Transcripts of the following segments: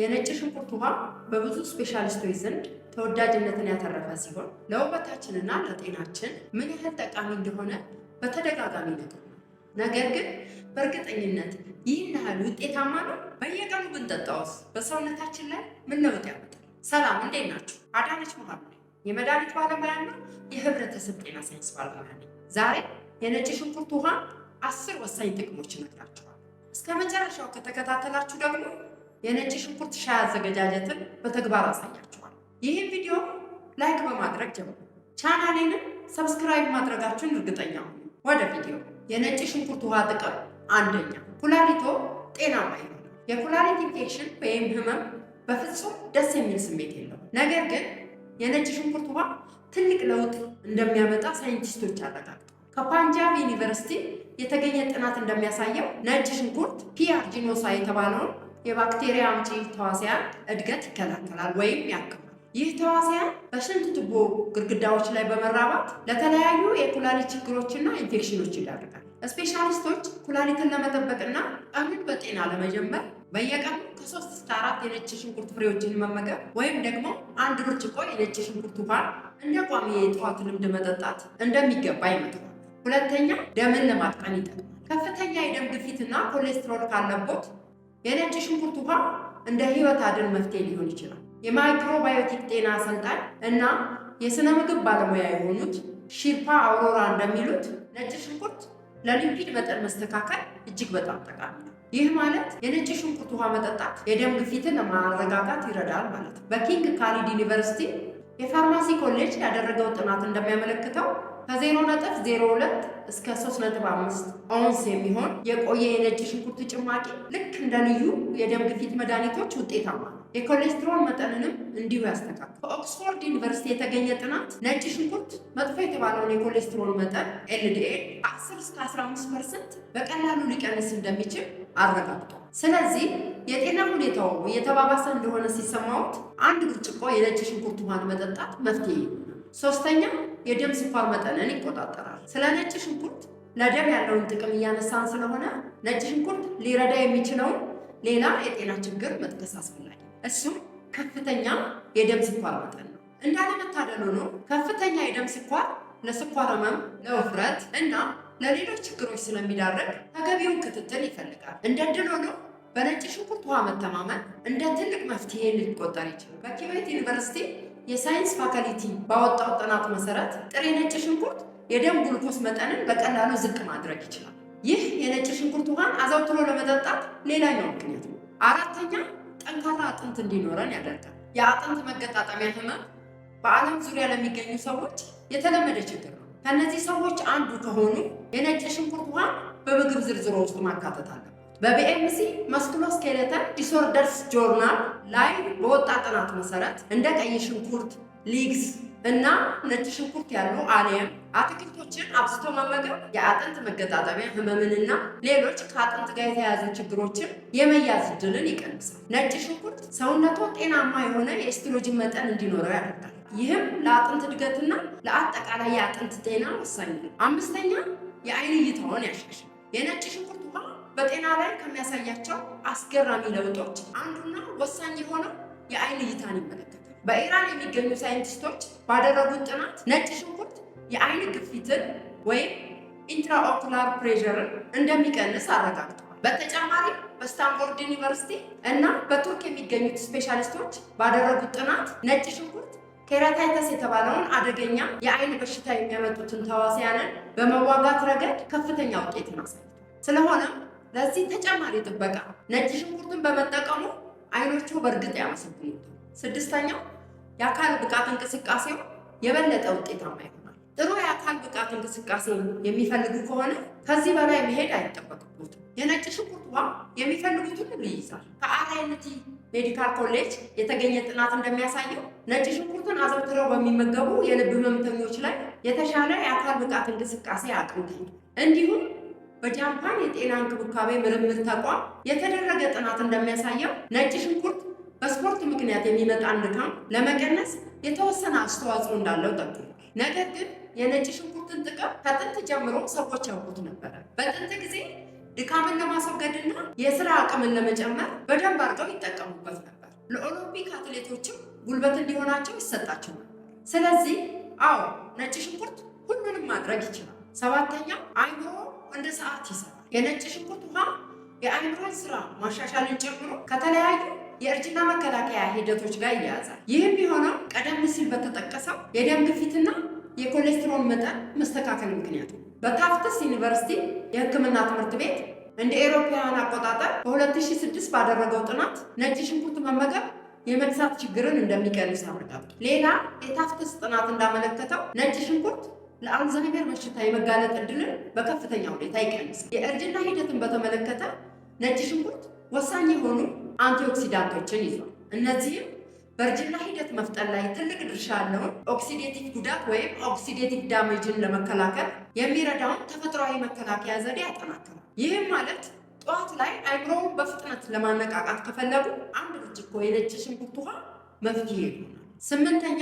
የነጭ ሽንኩርት ውሃ በብዙ ስፔሻሊስቶች ዘንድ ተወዳጅነትን ያተረፈ ሲሆን ለውበታችንና ለጤናችን ምን ያህል ጠቃሚ እንደሆነ በተደጋጋሚ ነገር ነገር ግን በእርግጠኝነት ይህን ያህል ውጤታማ ነው? በየቀኑ ብንጠጣውስ በሰውነታችን ላይ ምን ለውጥ ያመጣል? ሰላም፣ እንዴት ናችሁ? አዳነች መሀሉ የመድኃኒት ባለሙያና የህብረተሰብ ጤና ሳይንስ ባለሙያ ነኝ። ዛሬ የነጭ ሽንኩርት ውሃ አስር ወሳኝ ጥቅሞች እነግራችኋለሁ። እስከ መጨረሻው ከተከታተላችሁ ደግሞ የነጭ ሽንኩርት ሻይ አዘገጃጀትን በተግባር አሳያችኋል። ይህን ቪዲዮ ላይክ በማድረግ ጀምሩ። ቻናሌንም ሰብስክራይብ ማድረጋችሁን እርግጠኛ ሁኑ። ወደ ቪዲዮ። የነጭ ሽንኩርት ውሃ ጥቅም፣ አንደኛ ኩላሊቶ ጤናማ ይሆናል። የኩላሊት ኢንፌክሽን ወይም ህመም በፍጹም ደስ የሚል ስሜት የለው ነገር ግን የነጭ ሽንኩርት ውሃ ትልቅ ለውጥ እንደሚያመጣ ሳይንቲስቶች አረጋግጠዋል። ከፓንጃብ ዩኒቨርሲቲ የተገኘ ጥናት እንደሚያሳየው ነጭ ሽንኩርት ፒ አርጂኖሳ የተባለውን የባክቴሪያ አምጪ ተዋሲያን እድገት ይከላከላል ወይም ያክማል። ይህ ተዋሲያን በሽንት ቱቦ ግድግዳዎች ላይ በመራባት ለተለያዩ የኩላሊት ችግሮችና ኢንፌክሽኖች ይዳርጋል። ስፔሻሊስቶች ኩላሊትን ለመጠበቅና ቀኑን በጤና ለመጀመር በየቀኑ ከሶስት እስከ አራት የነጭ ሽንኩርት ፍሬዎችን መመገብ ወይም ደግሞ አንድ ብርጭቆ የነጭ ሽንኩርት ውሃን እንደ ቋሚ የጠዋት ልምድ መጠጣት እንደሚገባ ይመክራል። ሁለተኛ፣ ደምን ለማጥቀን ይጠቅማል። ከፍተኛ የደም ግፊትና ኮሌስትሮል ካለቦት የነጭ ሽንኩርት ውሃ እንደ ህይወት አድን መፍትሄ ሊሆን ይችላል። የማይክሮባዮቲክ ጤና አሰልጣኝ እና የስነ ምግብ ባለሙያ የሆኑት ሺርፓ አውሮራ እንደሚሉት ነጭ ሽንኩርት ለሊፒድ መጠን መስተካከል እጅግ በጣም ጠቃሚ ነው። ይህ ማለት የነጭ ሽንኩርት ውሃ መጠጣት የደም ግፊትን ለማረጋጋት ይረዳል ማለት ነው። በኪንግ ካሊድ ዩኒቨርሲቲ የፋርማሲ ኮሌጅ ያደረገው ጥናት እንደሚያመለክተው ከ0.02 እስከ 3.5 ኦንስ የሚሆን የቆየ የነጭ ሽንኩርት ጭማቂ ልክ እንደ ልዩ የደም ግፊት መድኃኒቶች ውጤታማ ነው። የኮሌስትሮል መጠንንም እንዲሁ ያስተካክል። በኦክስፎርድ ዩኒቨርሲቲ የተገኘ ጥናት ነጭ ሽንኩርት መጥፎ የተባለውን የኮሌስትሮል መጠን ኤልዲኤል 10 እስከ 15 ፐርሰንት በቀላሉ ሊቀንስ እንደሚችል አረጋግጧል። ስለዚህ የጤና ሁኔታው እየተባባሰ እንደሆነ ሲሰማዎት አንድ ብርጭቆ የነጭ ሽንኩርት ውሃን መጠጣት መፍትሄ ይሆናል። ሶስተኛ የደም ስኳር መጠንን ይቆጣጠራል። ስለ ነጭ ሽንኩርት ለደም ያለውን ጥቅም እያነሳን ስለሆነ ነጭ ሽንኩርት ሊረዳ የሚችለውን ሌላ የጤና ችግር መጥቀስ አስፈላጊ እሱም ከፍተኛ የደም ስኳር መጠን ነው። እንዳለመታደል ሆኖ ከፍተኛ የደም ስኳር ለስኳር ህመም፣ ለውፍረት እና ለሌሎች ችግሮች ስለሚዳረግ ተገቢውን ክትትል ይፈልጋል። እንደ ድል ሆኖ በነጭ ሽንኩርት ውሃ መተማመን እንደ ትልቅ መፍትሄ ሊቆጠር ይችላል። በኪቤት ዩኒቨርሲቲ የሳይንስ ፋካሊቲ ባወጣው ጥናት መሰረት ጥሬ ነጭ ሽንኩርት የደም ግሉኮስ መጠንን በቀላሉ ዝቅ ማድረግ ይችላል። ይህ የነጭ ሽንኩርት ውሃን አዘውትሮ ለመጠጣት ሌላኛው ምክንያት ነው። አራተኛ ጠንካራ አጥንት እንዲኖረን ያደርጋል። የአጥንት መገጣጠሚያ ህመም በዓለም ዙሪያ ለሚገኙ ሰዎች የተለመደ ችግር ነው። ከእነዚህ ሰዎች አንዱ ከሆኑ የነጭ ሽንኩርት ውሃ በምግብ ዝርዝሮ ውስጥ ማካተት አለ። በቢኤምሲ መስኩሎስኬለተን ዲስኦርደርስ ጆርናል ላይ በወጣ ጥናት መሰረት እንደ ቀይ ሽንኩርት ሊግስ እና ነጭ ሽንኩርት ያሉ አልያም አትክልቶችን አብዝቶ መመገብ የአጥንት መገጣጠሚያ ህመምንና ሌሎች ከአጥንት ጋር የተያያዙ ችግሮችን የመያዝ እድልን ይቀንሳል። ነጭ ሽንኩርት ሰውነቱ ጤናማ የሆነ የኤስትሮጅን መጠን እንዲኖረው ያደርጋል። ይህም ለአጥንት እድገትና ለአጠቃላይ የአጥንት ጤና ወሳኝ ነው። አምስተኛ የአይን እይታውን ያሻሻል። የነጭ ሽንኩርት ውሃ በጤና ላይ ከሚያሳያቸው አስገራሚ ለውጦች አንዱና ወሳኝ የሆነው የአይን እይታን ይመለከታል። በኢራን የሚገኙ ሳይንቲስቶች ባደረጉት ጥናት ነጭ ሽንኩርት የአይን ግፊትን ወይም ኢንትራኦኩላር ፕሬዠርን እንደሚቀንስ አረጋግጠዋል። በተጨማሪም በስታንፎርድ ዩኒቨርሲቲ እና በቱርክ የሚገኙት ስፔሻሊስቶች ባደረጉት ጥናት ነጭ ሽንኩርት ኬራታይተስ የተባለውን አደገኛ የአይን በሽታ የሚያመጡትን ተዋሲያንን በመዋጋት ረገድ ከፍተኛ ውጤት አሳይቷል። ስለሆነም ለዚህ ተጨማሪ ጥበቃ ነጭ ሽንኩርትን በመጠቀሙ አይኖቹ በእርግጥ ያመሰግኑታል። ስድስተኛው የአካል ብቃት እንቅስቃሴው የበለጠ ውጤታማ ይሆናል። ጥሩ የአካል ብቃት እንቅስቃሴ የሚፈልጉ ከሆነ ከዚህ በላይ መሄድ አይጠበቅቦትም። የነጭ ሽንኩርት ውሃ የሚፈልጉትን ሁሉ ይይዛል። ከአርአይቲ ሜዲካል ኮሌጅ የተገኘ ጥናት እንደሚያሳየው ነጭ ሽንኩርትን አዘውትረው በሚመገቡ የልብ ህመምተኞች ላይ የተሻለ የአካል ብቃት እንቅስቃሴ አቅም እንዲሁም በጃፓን የጤና እንክብካቤ ምርምር ተቋም የተደረገ ጥናት እንደሚያሳየው ነጭ ሽንኩርት በስፖርት ምክንያት የሚመጣን ድካም ለመቀነስ የተወሰነ አስተዋጽኦ እንዳለው ጠቁሟል። ነገር ግን የነጭ ሽንኩርትን ጥቅም ከጥንት ጀምሮ ሰዎች ያውቁት ነበረ። በጥንት ጊዜ ድካምን ለማስወገድና የስራ አቅምን ለመጨመር በደንብ አድርገው ይጠቀሙበት ነበር። ለኦሎምፒክ አትሌቶችም ጉልበት እንዲሆናቸው ይሰጣቸው ነበር። ስለዚህ አዎ ነጭ ሽንኩርት ሁሉንም ማድረግ ይችላል። ሰባተኛ አይምሮ እንደ ሰዓት ይሰራል። የነጭ ሽንኩርት ውሃ የአይምሮን ስራ ማሻሻልን ጨምሮ ከተለያዩ የእርጅና መከላከያ ሂደቶች ጋር ይያያዛል። ይህም የሆነው ቀደም ሲል በተጠቀሰው የደም ግፊትና የኮሌስትሮል መጠን መስተካከል ምክንያት ነው። በታፍትስ ዩኒቨርሲቲ የሕክምና ትምህርት ቤት እንደ ኤሮፓውያን አቆጣጠር በ2006 ባደረገው ጥናት ነጭ ሽንኩርት መመገብ የመግዛት ችግርን እንደሚቀንስ አመልክቷል። ሌላ የታፍትስ ጥናት እንዳመለከተው ነጭ ሽንኩርት ለአልዛይመር በሽታ የመጋለጥ እድልን በከፍተኛ ሁኔታ ይቀንሳል። የእርጅና ሂደትን በተመለከተ ነጭ ሽንኩርት ወሳኝ የሆኑ አንቲኦክሲዳንቶችን ይዟል። እነዚህም በእርጅና ሂደት መፍጠን ላይ ትልቅ ድርሻ ያለውን ኦክሲዴቲቭ ጉዳት ወይም ኦክሲዴቲቭ ዳሜጅን ለመከላከል የሚረዳውን ተፈጥሯዊ መከላከያ ዘዴ ያጠናክራል። ይህም ማለት ጠዋት ላይ አይምሮውን በፍጥነት ለማነቃቃት ከፈለጉ አንድ ብርጭቆ የነጭ ሽንኩርት ውሃ መፍትሄ ይሆናል። ስምንተኛ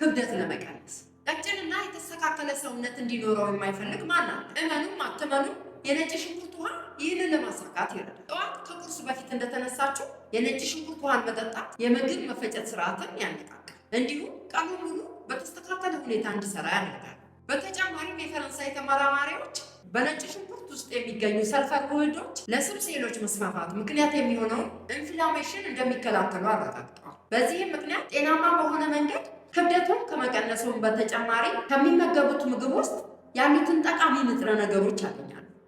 ክብደት ለመቀነስ ቀጭንና የተስተካከለ ሰውነት እንዲኖረው የማይፈልግ ማናት እመኑም አትመኑም የነጭ ሽንኩርት ውሃ ይህንን ለማሳካት ይረዳል። ጠዋት ከቁርስ በፊት እንደተነሳችሁ የነጭ ሽንኩርት ውሃን መጠጣት የምግብ መፈጨት ስርዓትን ያነቃቃል፣ እንዲሁም ቀኑን ሙሉ በተስተካከለ ሁኔታ እንዲሰራ ያደርጋል። በተጨማሪም የፈረንሳይ ተመራማሪዎች በነጭ ሽንኩርት ውስጥ የሚገኙ ሰልፈር ውህዶች ለስብ ሴሎች መስፋፋት ምክንያት የሚሆነውን ኢንፍላሜሽን እንደሚከላከሉ አረጋግጠዋል። በዚህም ምክንያት ጤናማ በሆነ መንገድ ክብደቱን ከመቀነሱም በተጨማሪ ከሚመገቡት ምግብ ውስጥ ያሉትን ጠቃሚ ንጥረ ነገሮች አለ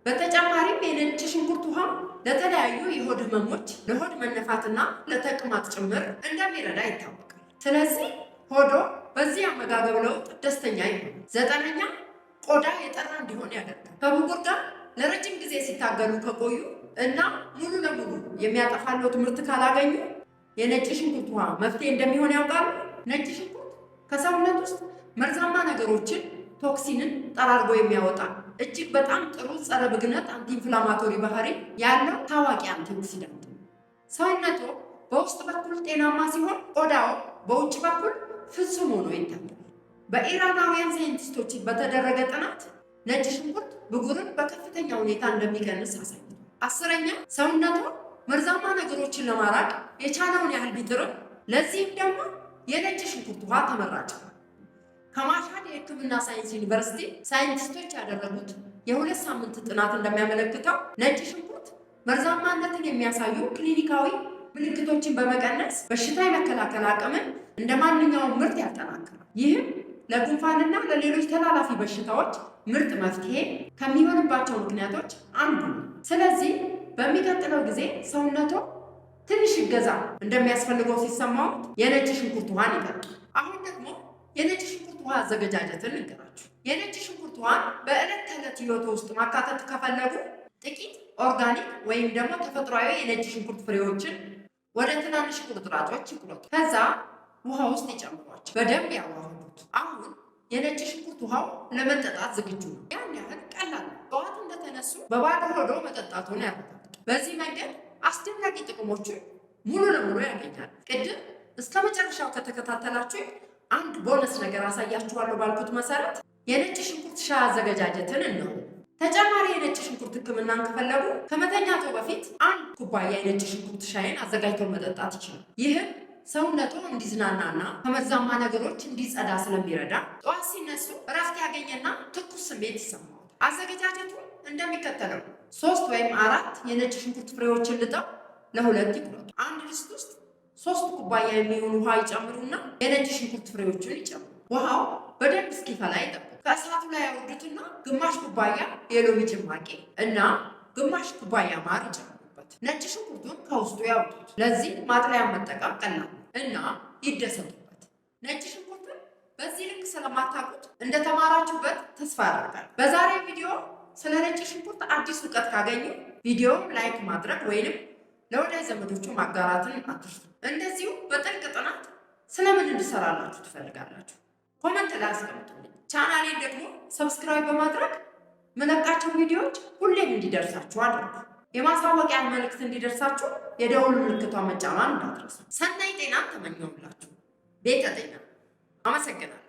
በተጨማሪም የነጭ ሽንኩርት ውሃ ለተለያዩ የሆድ ህመሞች፣ ለሆድ መነፋትና ለተቅማጥ ጭምር እንደሚረዳ ይታወቃል። ስለዚህ ሆዶ በዚህ አመጋገብ ለውጥ ደስተኛ ይሆናል። ዘጠነኛ ቆዳ የጠራ እንዲሆን ያደርጋል። ከብጉር ጋር ለረጅም ጊዜ ሲታገሉ ከቆዩ እና ሙሉ ለሙሉ የሚያጠፋለው ትምህርት ካላገኙ የነጭ ሽንኩርት ውሃ መፍትሄ እንደሚሆን ያውቃሉ። ነጭ ሽንኩርት ከሰውነት ውስጥ መርዛማ ነገሮችን ቶክሲንን ጠራርጎ የሚያወጣ እጅግ በጣም ጥሩ ጸረ ብግነት አንቲኢንፍላማቶሪ ባህሪ ያለው ታዋቂ አንቲኦክሲዳንት። ሰውነቶ በውስጥ በኩል ጤናማ ሲሆን ቆዳው በውጭ በኩል ፍጹም ሆኖ ይታያል። በኢራናውያን ሳይንቲስቶች በተደረገ ጥናት ነጭ ሽንኩርት ብጉርን በከፍተኛ ሁኔታ እንደሚቀንስ አሳይቷል። አስረኛ ሰውነቶ መርዛማ ነገሮችን ለማራቅ የቻለውን ያህል ቢጥርም፣ ለዚህም ደግሞ የነጭ ሽንኩርት ውሃ ተመራጭ ነው። ከማሻድ የሕክምና ሳይንስ ዩኒቨርሲቲ ሳይንቲስቶች ያደረጉት የሁለት ሳምንት ጥናት እንደሚያመለክተው ነጭ ሽንኩርት መርዛማነትን የሚያሳዩ ክሊኒካዊ ምልክቶችን በመቀነስ በሽታ የመከላከል አቅምን እንደ ማንኛውም ምርት ያጠናክራል። ይህም ለጉንፋንና ለሌሎች ተላላፊ በሽታዎች ምርጥ መፍትሄ ከሚሆንባቸው ምክንያቶች አንዱ ነው። ስለዚህ በሚቀጥለው ጊዜ ሰውነቶ ትንሽ እገዛ እንደሚያስፈልገው ሲሰማውት የነጭ ሽንኩርት ውሃን ይጠጡ። አሁን ደግሞ የነጭ ሽንኩርት ውሃ አዘገጃጀትን ልንገራችሁ። የነጭ ሽንኩርት ውሃን በዕለት ተዕለት ሕይወት ውስጥ ማካተት ከፈለጉ ጥቂት ኦርጋኒክ ወይም ደግሞ ተፈጥሯዊ የነጭ ሽንኩርት ፍሬዎችን ወደ ትናንሽ ቁርጥራጮች ይቁረጡ። ከዛ ውሃ ውስጥ ይጨምሯቸው፣ በደንብ ያዋህዱት። አሁን የነጭ ሽንኩርት ውሃው ለመጠጣት ዝግጁ ነው። ያን ያህል ቀላል ነው። ጠዋት እንደተነሱ በባዶ ሆዶ መጠጣቱን ያረጋግጡ። በዚህ መንገድ አስደናቂ ጥቅሞችን ሙሉ ለሙሉ ያገኛል። ቅድም እስከ መጨረሻው ከተከታተላችሁ አንድ ቦነስ ነገር አሳያችኋለሁ ባልኩት መሰረት የነጭ ሽንኩርት ሻይ አዘገጃጀትን ነው። ተጨማሪ የነጭ ሽንኩርት ሕክምናን ከፈለጉ ከመተኛቶ በፊት አንድ ኩባያ የነጭ ሽንኩርት ሻይን አዘጋጅቶ መጠጣት ይችላል። ይህም ሰውነቱ እንዲዝናናና ከመርዛማ ነገሮች እንዲጸዳ ስለሚረዳ ጠዋት ሲነሱ እረፍት ያገኘና ትኩስ ስሜት ይሰማዋል። አዘገጃጀቱ እንደሚከተለው ሶስት ወይም አራት የነጭ ሽንኩርት ፍሬዎችን ልጠው ለሁለት ይቁረጡ። አንድ ድስት ውስጥ ሶስት ኩባያ የሚሆን ውሃ ይጨምሩና የነጭ ሽንኩርት ፍሬዎችን ይጨምሩ። ውሃው በደንብ እስኪፈላ ይጠብቁ። ከእሳቱ ላይ ያወርዱትና ግማሽ ኩባያ የሎሚ ጭማቂ እና ግማሽ ኩባያ ማር ይጨምሩበት። ነጭ ሽንኩርቱን ከውስጡ ያውጡት። ለዚህ ማጥለያ መጠቀም ቀላል እና ይደሰቱበት። ነጭ ሽንኩርቱን በዚህ ልክ ስለማታውቁት እንደተማራችሁበት ተስፋ አደርጋለሁ። በዛሬ ቪዲዮ ስለ ነጭ ሽንኩርት አዲስ እውቀት ካገኙ ቪዲዮ ላይክ ማድረግ ወይንም ለወዳጅ ዘመዶቹ ማጋራትን አትርሱ። እንደዚሁ በጥልቅ ጥናት ስለምን እንድሰራላችሁ ትፈልጋላችሁ? ኮመንት ላይ አስቀምጡልኝ። ቻናሌን ደግሞ ሰብስክራይብ በማድረግ መለቃቸው ቪዲዮዎች ሁሌም እንዲደርሳችሁ አድርጉ። የማስታወቂያ መልእክት እንዲደርሳችሁ የደውል ምልክቷ መጫኗን እንዳትረሱ። ሰናይ ጤና ተመኘሁላችሁ። ቤተ ጤና። አመሰግናለሁ።